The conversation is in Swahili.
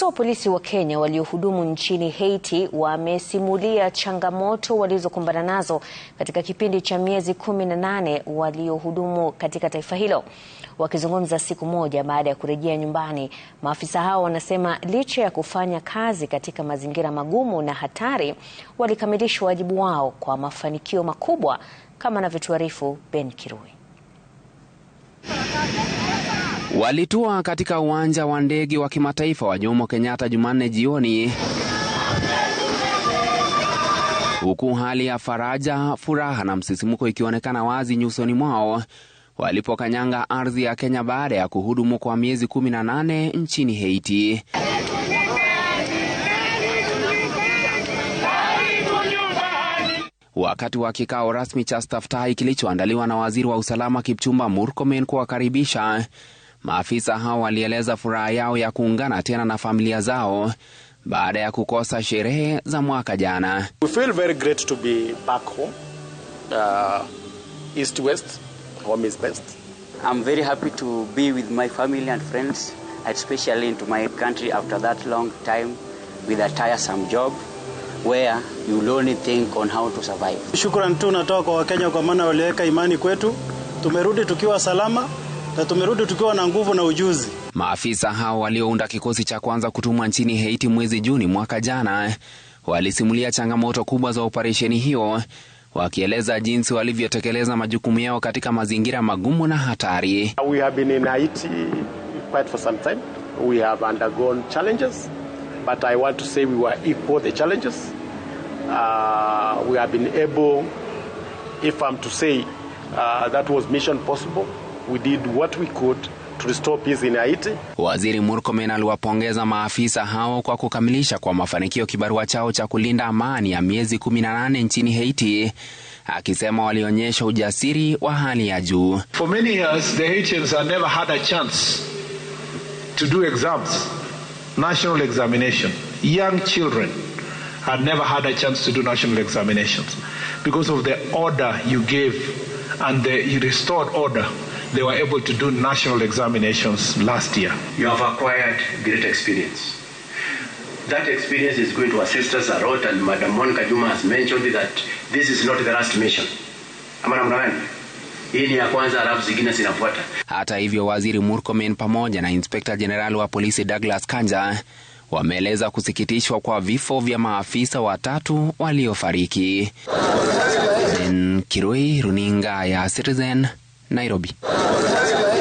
Maafisa wa polisi wa Kenya waliohudumu nchini Haiti wamesimulia changamoto walizokumbana nazo katika kipindi cha miezi kumi na nane waliohudumu katika taifa hilo. Wakizungumza siku moja baada ya kurejea nyumbani, maafisa hao wanasema licha ya kufanya kazi katika mazingira magumu na hatari, walikamilisha wajibu wao kwa mafanikio makubwa, kama anavyotuarifu Ben Kirui walitua katika uwanja wa ndege wa kimataifa wa Jomo Kenyatta Jumanne jioni huku hali ya faraja, furaha na msisimko ikionekana wazi nyusoni mwao walipokanyanga ardhi ya Kenya baada ya kuhudumu kwa miezi 18 nchini Haiti. Wakati wa kikao rasmi cha staftahi kilichoandaliwa na waziri wa usalama Kipchumba Murkomen kuwakaribisha Maafisa hao walieleza furaha yao ya kuungana tena na familia zao baada ya kukosa sherehe za mwaka jana. We feel very great to be back home. Uh, east west, home is best. I'm very happy to be with my family and friends, especially into my country after that long time with a tiresome job where you only think on how to survive. tu natoa kwa Wakenya kwa maana waliweka imani kwetu. Tumerudi tukiwa salama na tumerudi tukiwa na nguvu na ujuzi. Maafisa hao waliounda kikosi cha kwanza kutumwa nchini Haiti mwezi Juni mwaka jana walisimulia changamoto kubwa za operesheni hiyo, wakieleza jinsi walivyotekeleza majukumu yao katika mazingira magumu na hatari. We We we have have been in Haiti quite for some time. undergone challenges, challenges. but I want to say were equal the Uh, we have been able, if I'm to say, uh, that was mission possible we did what we could to restore peace in Haiti. Waziri Murkomen aliwapongeza maafisa hao kwa kukamilisha kwa mafanikio kibarua chao cha kulinda amani ya miezi 18 nchini Haiti akisema walionyesha ujasiri wa hali ya juu. For many years the Haitians have never had a chance to do exams, national examination. Young children had never had a chance to do national examinations because of the order you gave and the, restored order they were able to do national examinations last year. You have acquired great experience. That experience is going to assist us a lot, and Madam Monica Juma has mentioned that this is not the last mission. Ama namna Hata hivyo, waziri Murkomen pamoja na inspekta jenerali wa polisi Douglas Kanja wameeleza kusikitishwa kwa vifo vya maafisa watatu waliofariki. Ben Kirui, runinga ya Citizen Nairobi.